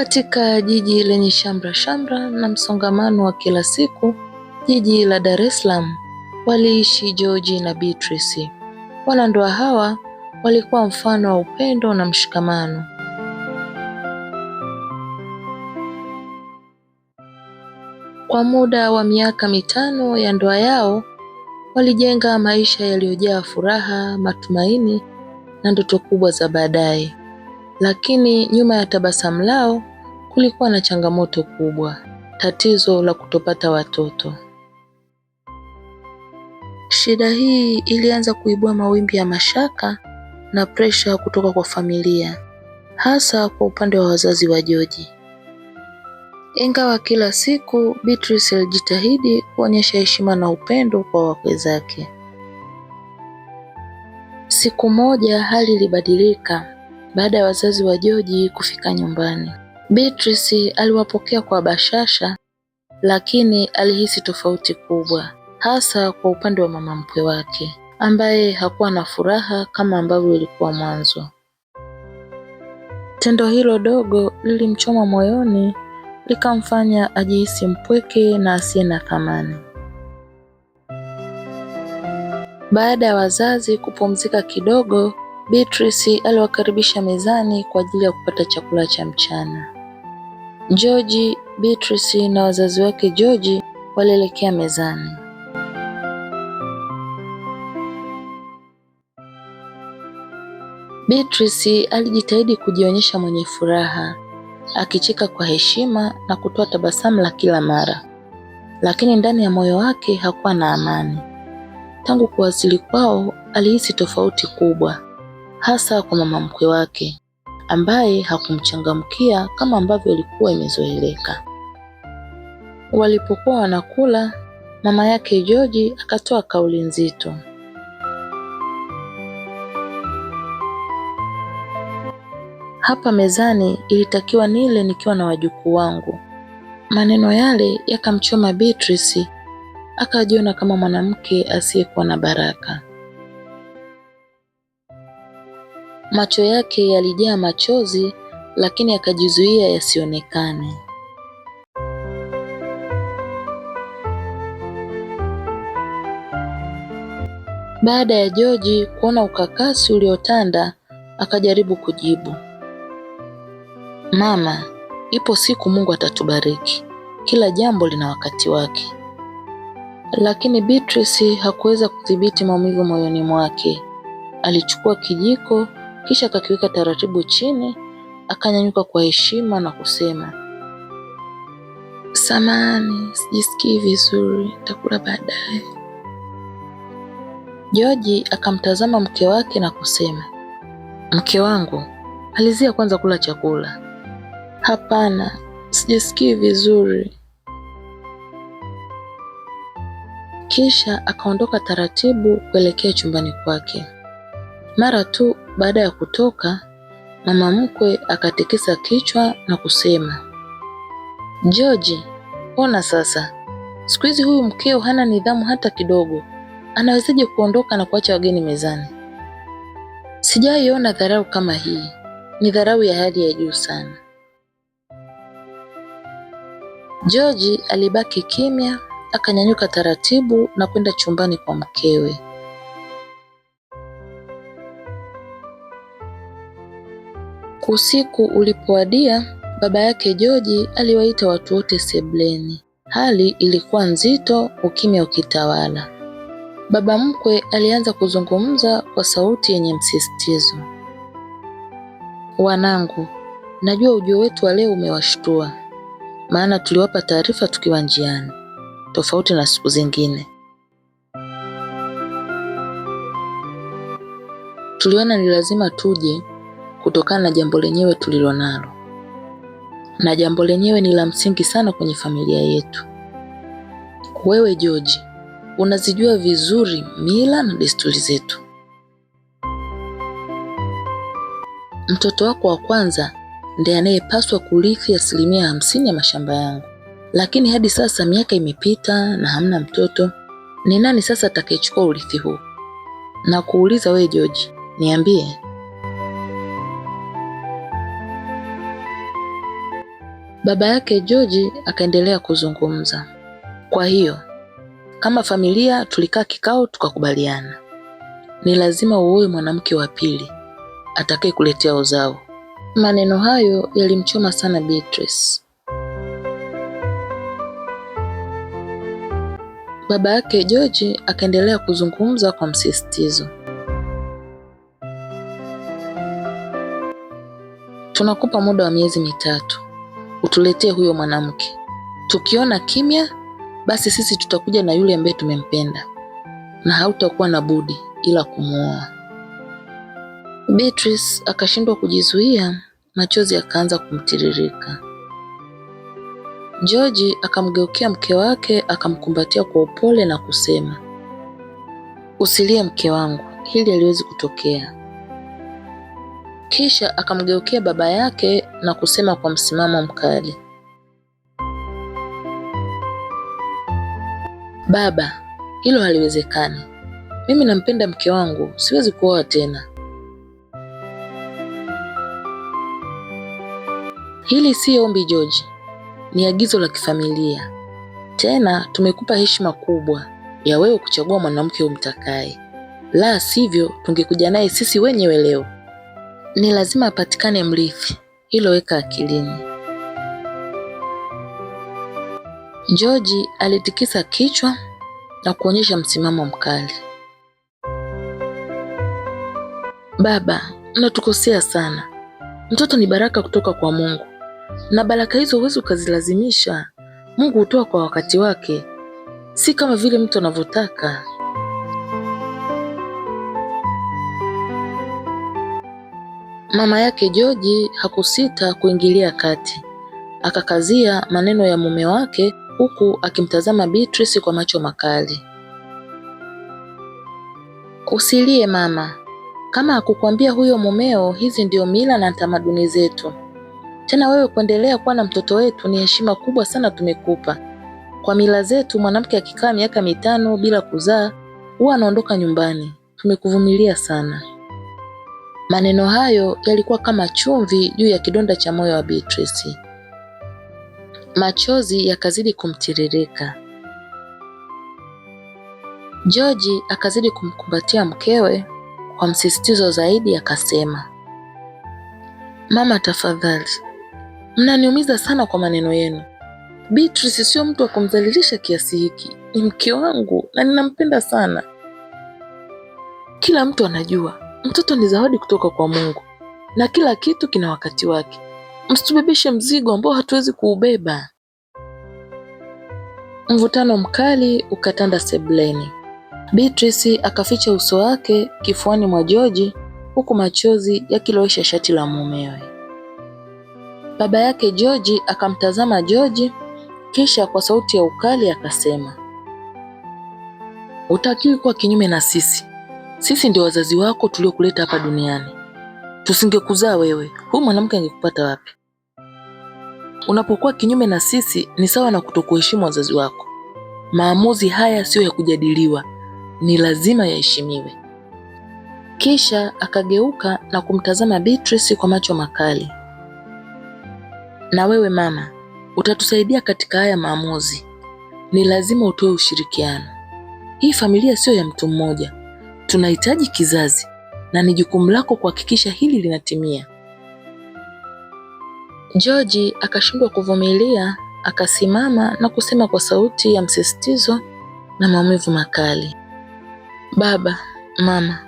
Katika jiji lenye shamra shamra na msongamano wa kila siku, jiji la Dar es Salaam, waliishi George na Beatrice. Wanandoa hawa walikuwa mfano wa upendo na mshikamano. Kwa muda wa miaka mitano ya ndoa yao, walijenga maisha yaliyojaa furaha, matumaini na ndoto kubwa za baadaye. Lakini nyuma ya tabasamu lao kulikuwa na changamoto kubwa, tatizo la kutopata watoto. Shida hii ilianza kuibua mawimbi ya mashaka na presha kutoka kwa familia, hasa kwa upande wa wazazi wa Joji. Ingawa kila siku Beatrice alijitahidi kuonyesha heshima na upendo kwa wakwe zake. Siku moja hali ilibadilika baada ya wazazi wa Joji kufika nyumbani. Beatrice aliwapokea kwa bashasha, lakini alihisi tofauti kubwa, hasa kwa upande wa mama mkwe wake ambaye hakuwa na furaha kama ambavyo ilikuwa mwanzo. Tendo hilo dogo lilimchoma moyoni, likamfanya ajihisi mpweke na asiye na thamani. Baada ya wazazi kupumzika kidogo, Beatrice aliwakaribisha mezani kwa ajili ya kupata chakula cha mchana. George, Beatrice na wazazi wake George walielekea mezani. Beatrice alijitahidi kujionyesha mwenye furaha, akicheka kwa heshima na kutoa tabasamu la kila mara, lakini ndani ya moyo wake hakuwa na amani. Tangu kuwasili kwao, alihisi tofauti kubwa, hasa kwa mama mkwe wake ambaye hakumchangamkia kama ambavyo ilikuwa imezoeleka. Walipokuwa wanakula, mama yake George akatoa kauli nzito. Hapa mezani ilitakiwa nile nikiwa na wajukuu wangu. Maneno yale yakamchoma Beatrice, akajiona kama mwanamke asiyekuwa na baraka. Macho yake yalijaa machozi, lakini akajizuia yasionekane. Baada ya George kuona ukakasi uliotanda, akajaribu kujibu, "Mama, ipo siku Mungu atatubariki. Kila jambo lina wakati wake." Lakini Beatrice hakuweza kudhibiti maumivu moyoni mwake. Alichukua kijiko kisha akakiweka taratibu chini. Akanyanyuka kwa heshima na kusema, samani, sijisikii vizuri, nitakula baadaye. Joji akamtazama mke wake na kusema, mke wangu, alizia kwanza kula chakula. Hapana, sijisikii vizuri. Kisha akaondoka taratibu kuelekea chumbani kwake. Mara tu baada ya kutoka, mama mkwe akatikisa kichwa na kusema, George, ona sasa, siku hizi huyu mkeo hana nidhamu hata kidogo. Anawezaje kuondoka na kuacha wageni mezani? Sijaiona dharau kama hii, ni dharau ya hali ya juu sana. George alibaki kimya, akanyanyuka taratibu na kwenda chumbani kwa mkewe. Usiku ulipowadia, baba yake George aliwaita watu wote sebleni Hali ilikuwa nzito, ukimya ukitawala. Baba mkwe alianza kuzungumza kwa sauti yenye msisitizo. Wanangu, najua ujio wetu wa leo umewashtua, maana tuliwapa taarifa tukiwa njiani, tofauti na siku zingine. Tuliona ni lazima tuje kutokana na jambo lenyewe tulilonalo, na jambo lenyewe ni la msingi sana kwenye familia yetu. Wewe George, unazijua vizuri mila na desturi zetu. Mtoto wako wa kwanza ndiye anayepaswa kurithi asilimia hamsini ya mashamba yangu, lakini hadi sasa miaka imepita na hamna mtoto. Ni nani sasa atakayechukua urithi huu? Na kuuliza wewe George, niambie Baba yake George akaendelea kuzungumza, kwa hiyo kama familia tulikaa kikao, tukakubaliana ni lazima uoe mwanamke wa pili atakaye kuletea uzao. Maneno hayo yalimchoma sana Beatrice. Baba yake George akaendelea kuzungumza kwa msisitizo, tunakupa muda wa miezi mitatu utuletee huyo mwanamke. Tukiona kimya, basi sisi tutakuja na yule ambaye tumempenda na hautakuwa na budi ila kumwoa. Beatrice akashindwa kujizuia, machozi akaanza kumtiririka. George akamgeukia mke wake akamkumbatia kwa upole na kusema, usilie mke wangu, hili haliwezi kutokea. Kisha akamgeukea baba yake na kusema kwa msimamo mkali, "Baba, hilo haliwezekani. Mimi nampenda mke wangu, siwezi kuoa tena. Hili si ombi George, ni agizo la kifamilia. Tena tumekupa heshima kubwa ya wewe kuchagua mwanamke umtakaye, la sivyo tungekuja naye sisi wenyewe leo." ni lazima apatikane mrithi, hilo weka akilini. George alitikisa kichwa na kuonyesha msimamo mkali. Baba, mnatukosea sana. Mtoto ni baraka kutoka kwa Mungu, na baraka hizo huwezi ukazilazimisha. Mungu hutoa kwa wakati wake, si kama vile mtu anavyotaka. Mama yake George hakusita kuingilia kati, akakazia maneno ya mume wake huku akimtazama Beatrice kwa macho makali. Usilie mama, kama akukwambia huyo mumeo, hizi ndio mila na tamaduni zetu. Tena wewe kuendelea kuwa na mtoto wetu ni heshima kubwa sana tumekupa. Kwa mila zetu, mwanamke akikaa miaka mitano bila kuzaa huwa anaondoka nyumbani. Tumekuvumilia sana. Maneno hayo yalikuwa kama chumvi juu ya kidonda cha moyo wa Beatrice. Machozi yakazidi kumtiririka. George akazidi kumkumbatia mkewe kwa msisitizo zaidi, akasema, mama, tafadhali, mnaniumiza sana kwa maneno yenu. Beatrice sio mtu wa kumdhalilisha kiasi hiki, ni mke wangu na ninampenda sana, kila mtu anajua Mtoto ni zawadi kutoka kwa Mungu na kila kitu kina wakati wake. Msitubebeshe mzigo ambao hatuwezi kuubeba. Mvutano mkali ukatanda sebleni Beatrice akaficha uso wake kifuani mwa George huku machozi yakilowesha shati la mumewe. Baba yake George akamtazama George kisha kwa sauti ya ukali akasema, utakiwi kuwa kinyume na sisi. Sisi ndio wazazi wako tuliokuleta hapa duniani. Tusingekuzaa wewe, huyu mwanamke angekupata wapi? Unapokuwa kinyume na sisi, ni sawa na kutokuheshimu wazazi wako. Maamuzi haya siyo ya kujadiliwa, ni lazima yaheshimiwe. Kisha akageuka na kumtazama Beatrice kwa macho makali. Na wewe mama, utatusaidia katika haya maamuzi. Ni lazima utoe ushirikiano. Hii familia siyo ya mtu mmoja, tunahitaji kizazi na ni jukumu lako kuhakikisha hili linatimia. George akashindwa kuvumilia, akasimama na kusema kwa sauti ya msisitizo na maumivu makali, baba, mama,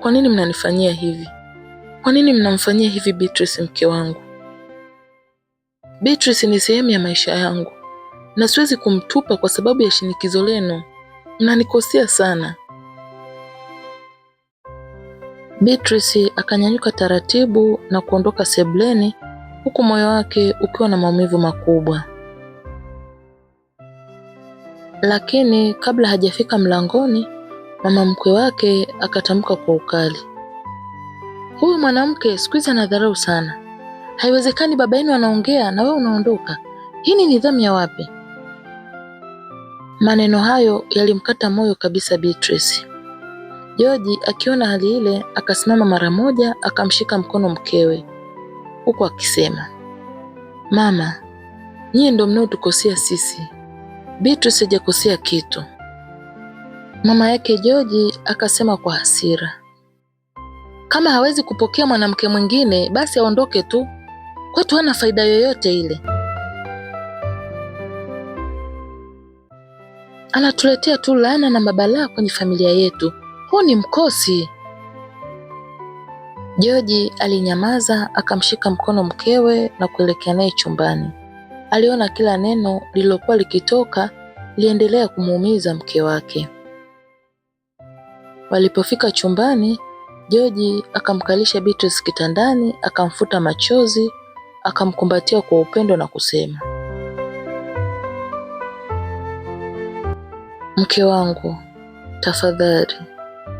kwa nini mnanifanyia hivi? Kwa nini mnamfanyia hivi Beatrice, mke wangu? Beatrice ni sehemu ya maisha yangu na siwezi kumtupa kwa sababu ya shinikizo lenu. Mnanikosea sana. Beatrice akanyanyuka taratibu na kuondoka sebleni huku moyo wake ukiwa na maumivu makubwa. Lakini kabla hajafika mlangoni, mama mkwe wake akatamka kwa ukali, huyu mwanamke siku hizi anadharau sana, haiwezekani baba yenu anaongea na wewe unaondoka. Hii ni nidhamu ya wapi? Maneno hayo yalimkata moyo kabisa Beatrice. George akiona hali ile akasimama mara moja akamshika mkono mkewe, huku akisema, mama, nyie ndo mnaotukosea sisi, Beatrice hajakosea kitu. Mama yake George akasema kwa hasira, kama hawezi kupokea mwanamke mwingine basi aondoke tu, kwetu hana faida yoyote ile. Anatuletea tu laana na mabalaa kwenye familia yetu huu ni mkosi. joji alinyamaza akamshika mkono mkewe na kuelekea naye chumbani. Aliona kila neno lililokuwa likitoka liendelea kumuumiza mke wake. Walipofika chumbani, joji akamkalisha Beatrice kitandani, akamfuta machozi, akamkumbatia kwa upendo na kusema, mke wangu, tafadhali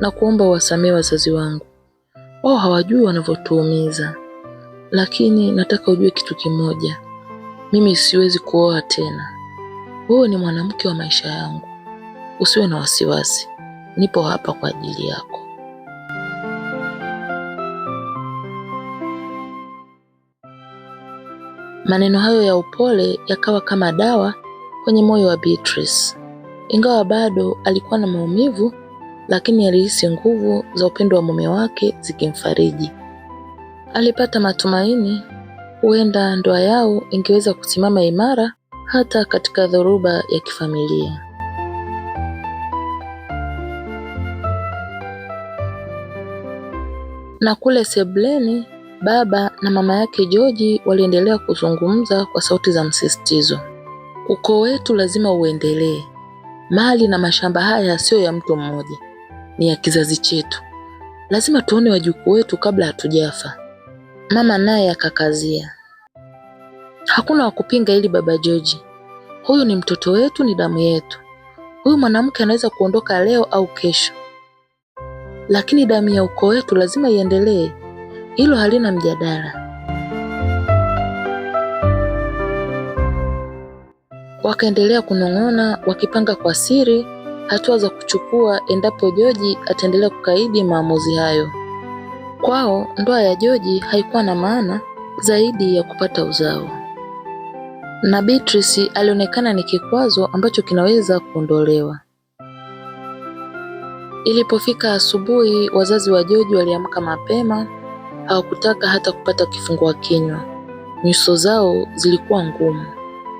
na kuomba wasamee wazazi wangu, wao hawajui wanavyotuumiza. Lakini nataka ujue kitu kimoja, mimi siwezi kuoa tena. Wewe ni mwanamke wa maisha yangu, usiwe na wasiwasi, nipo hapa kwa ajili yako. Maneno hayo ya upole yakawa kama dawa kwenye moyo wa Beatrice. Ingawa bado alikuwa na maumivu lakini alihisi nguvu za upendo wa mume wake zikimfariji. Alipata matumaini huenda ndoa yao ingeweza kusimama imara hata katika dhoruba ya kifamilia. Na kule sebleni, baba na mama yake joji waliendelea kuzungumza kwa sauti za msisitizo. Ukoo wetu lazima uendelee. Mali na mashamba haya siyo ya mtu mmoja ni ya kizazi chetu, lazima tuone wajukuu wetu kabla hatujafa. Mama naye akakazia, hakuna wa kupinga baba George, huyu ni mtoto wetu, ni damu yetu. Huyu mwanamke anaweza kuondoka leo au kesho, lakini damu ya ukoo wetu lazima iendelee. Hilo halina mjadala. Wakaendelea kunong'ona, wakipanga kwa siri hatua za kuchukua endapo Joji ataendelea kukaidi maamuzi hayo. Kwao ndoa ya Joji haikuwa na maana zaidi ya kupata uzao, na Beatrice alionekana ni kikwazo ambacho kinaweza kuondolewa. Ilipofika asubuhi, wazazi wa Joji waliamka mapema, hawakutaka hata kupata kifungua kinywa. Nyuso zao zilikuwa ngumu,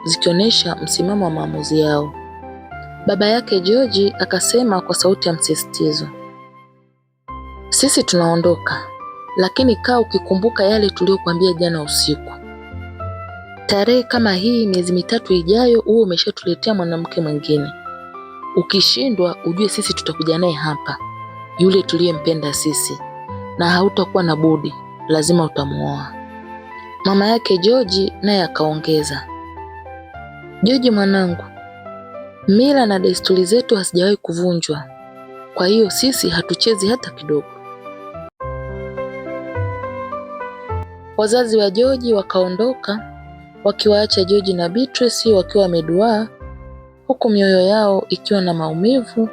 zikionyesha msimamo wa maamuzi yao. Baba yake George akasema kwa sauti ya msisitizo, sisi tunaondoka, lakini kaa ukikumbuka yale tuliyokuambia jana usiku. Tarehe kama hii miezi mitatu ijayo, huo umeshatuletea mwanamke mwingine. Ukishindwa ujue sisi tutakuja naye hapa, yule tuliyempenda sisi, na hautakuwa na budi, lazima utamwoa. Mama yake George naye akaongeza, George mwanangu Mila na desturi zetu hazijawahi kuvunjwa, kwa hiyo sisi hatuchezi hata kidogo. Wazazi wa Joji wakaondoka wakiwaacha joji na Beatrice wakiwa wameduaa, huku mioyo yao ikiwa na maumivu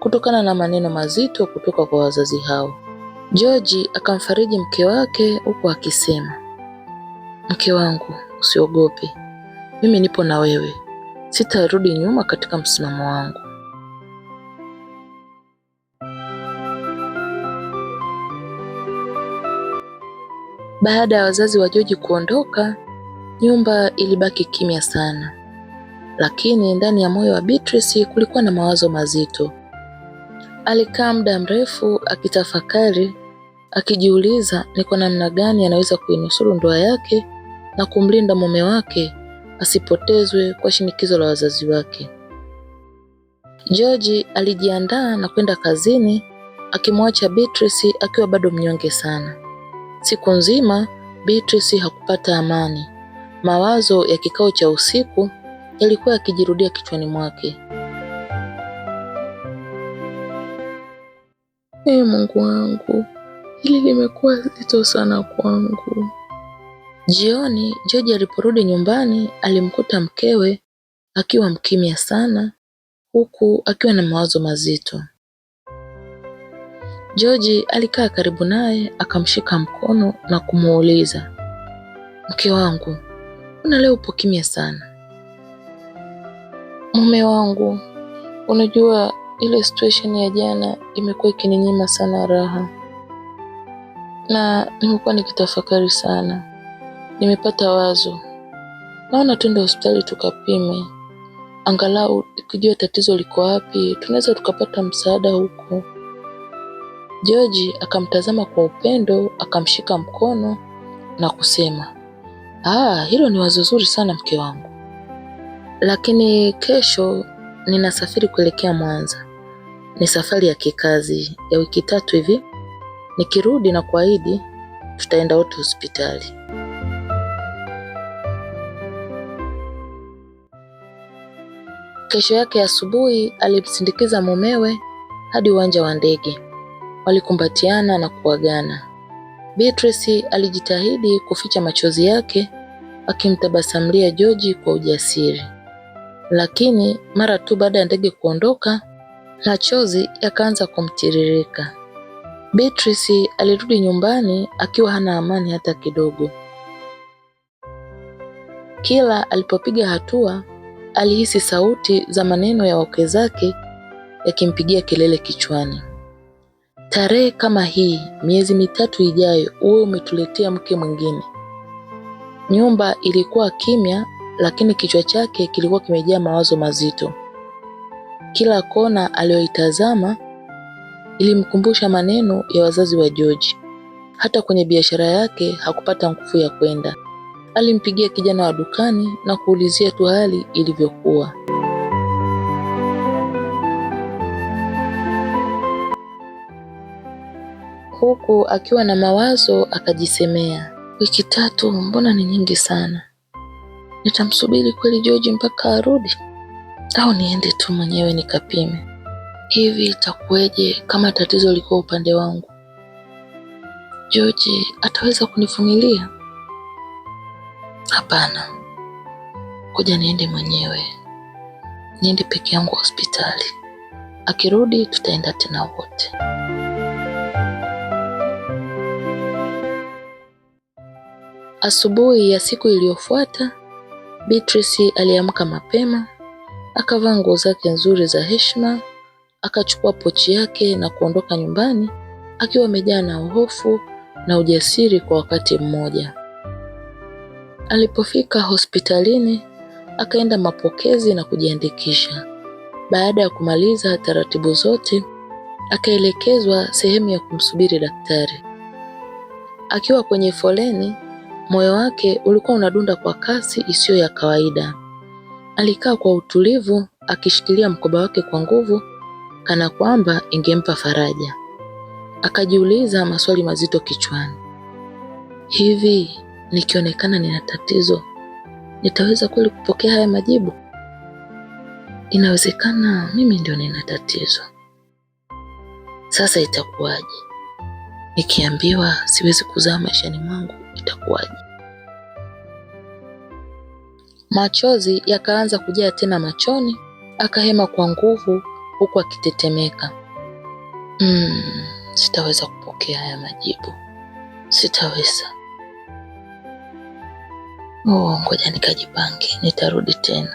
kutokana na maneno mazito kutoka kwa wazazi hao. Joji akamfariji mke wake huku akisema, mke wangu, usiogope, mimi nipo na wewe sitarudi nyuma katika msimamo wangu. Baada ya wazazi wa Joji kuondoka, nyumba ilibaki kimya sana, lakini ndani ya moyo wa Beatrice kulikuwa na mawazo mazito. Alikaa muda mrefu akitafakari, akijiuliza ni kwa namna gani anaweza kuinusuru ndoa yake na kumlinda mume wake asipotezwe kwa shinikizo la wazazi wake. George alijiandaa na kwenda kazini akimwacha Beatrice akiwa bado mnyonge sana. Siku nzima Beatrice hakupata amani. Mawazo ya kikao cha usiku yalikuwa yakijirudia kichwani mwake. Ee Mungu wangu, hili limekuwa zito sana kwangu. Jioni George aliporudi nyumbani alimkuta mkewe akiwa mkimya sana huku akiwa na mawazo mazito. George alikaa karibu naye akamshika mkono na kumuuliza, mke wangu, mbona leo upo kimya sana? Mume wangu, unajua ile situation ya jana imekuwa ikininyima sana raha na nimekuwa nikitafakari sana Nimepata wazo, naona tuende hospitali tukapime, angalau tukijua tatizo liko wapi, tunaweza tukapata msaada huko. George akamtazama kwa upendo, akamshika mkono na kusema, ah, hilo ni wazo zuri sana mke wangu, lakini kesho ninasafiri kuelekea Mwanza. Ni safari ya kikazi ya wiki tatu hivi. Nikirudi na kuahidi, tutaenda wote hospitali. Kesho yake asubuhi alimsindikiza mumewe hadi uwanja wa ndege, walikumbatiana na kuagana. Beatrice alijitahidi kuficha machozi yake, akimtabasamlia George kwa ujasiri, lakini mara tu baada ya ndege kuondoka, machozi yakaanza kumtiririka. Beatrice alirudi nyumbani akiwa hana amani hata kidogo. Kila alipopiga hatua alihisi sauti za maneno ya wake zake yakimpigia kelele kichwani. Tarehe kama hii, miezi mitatu ijayo, uwe umetuletea mke mwingine. Nyumba ilikuwa kimya, lakini kichwa chake kilikuwa kimejaa mawazo mazito. Kila kona aliyoitazama ilimkumbusha maneno ya wazazi wa George. Hata kwenye biashara yake hakupata nguvu ya kwenda. Alimpigia kijana wa dukani na kuulizia tu hali ilivyokuwa. Huku akiwa na mawazo akajisemea, wiki tatu mbona ni nyingi sana? Nitamsubiri kweli George mpaka arudi, au niende tu mwenyewe nikapime? Hivi itakuweje kama tatizo liko upande wangu? George ataweza kunivumilia? hapana, ngoja niende mwenyewe, niende peke yangu hospitali. Akirudi tutaenda tena wote. Asubuhi ya siku iliyofuata Beatrice aliamka mapema, akavaa nguo zake nzuri za heshima, akachukua pochi yake na kuondoka nyumbani akiwa amejaa na hofu na ujasiri kwa wakati mmoja. Alipofika hospitalini akaenda mapokezi na kujiandikisha. Baada ya kumaliza taratibu zote, akaelekezwa sehemu ya kumsubiri daktari. Akiwa kwenye foleni, moyo wake ulikuwa unadunda kwa kasi isiyo ya kawaida. Alikaa kwa utulivu akishikilia mkoba wake kwa nguvu, kana kwamba ingempa faraja. Akajiuliza maswali mazito kichwani: hivi nikionekana nina tatizo, nitaweza kweli kupokea haya majibu? Inawezekana mimi ndio nina tatizo. Sasa itakuwaje nikiambiwa siwezi kuzaa maishani mwangu? Itakuwaje? Machozi yakaanza kujaa tena machoni, akahema kwa nguvu, huku akitetemeka. Mm, sitaweza kupokea haya majibu, sitaweza. Oh, ngoja nikajipange, nitarudi tena.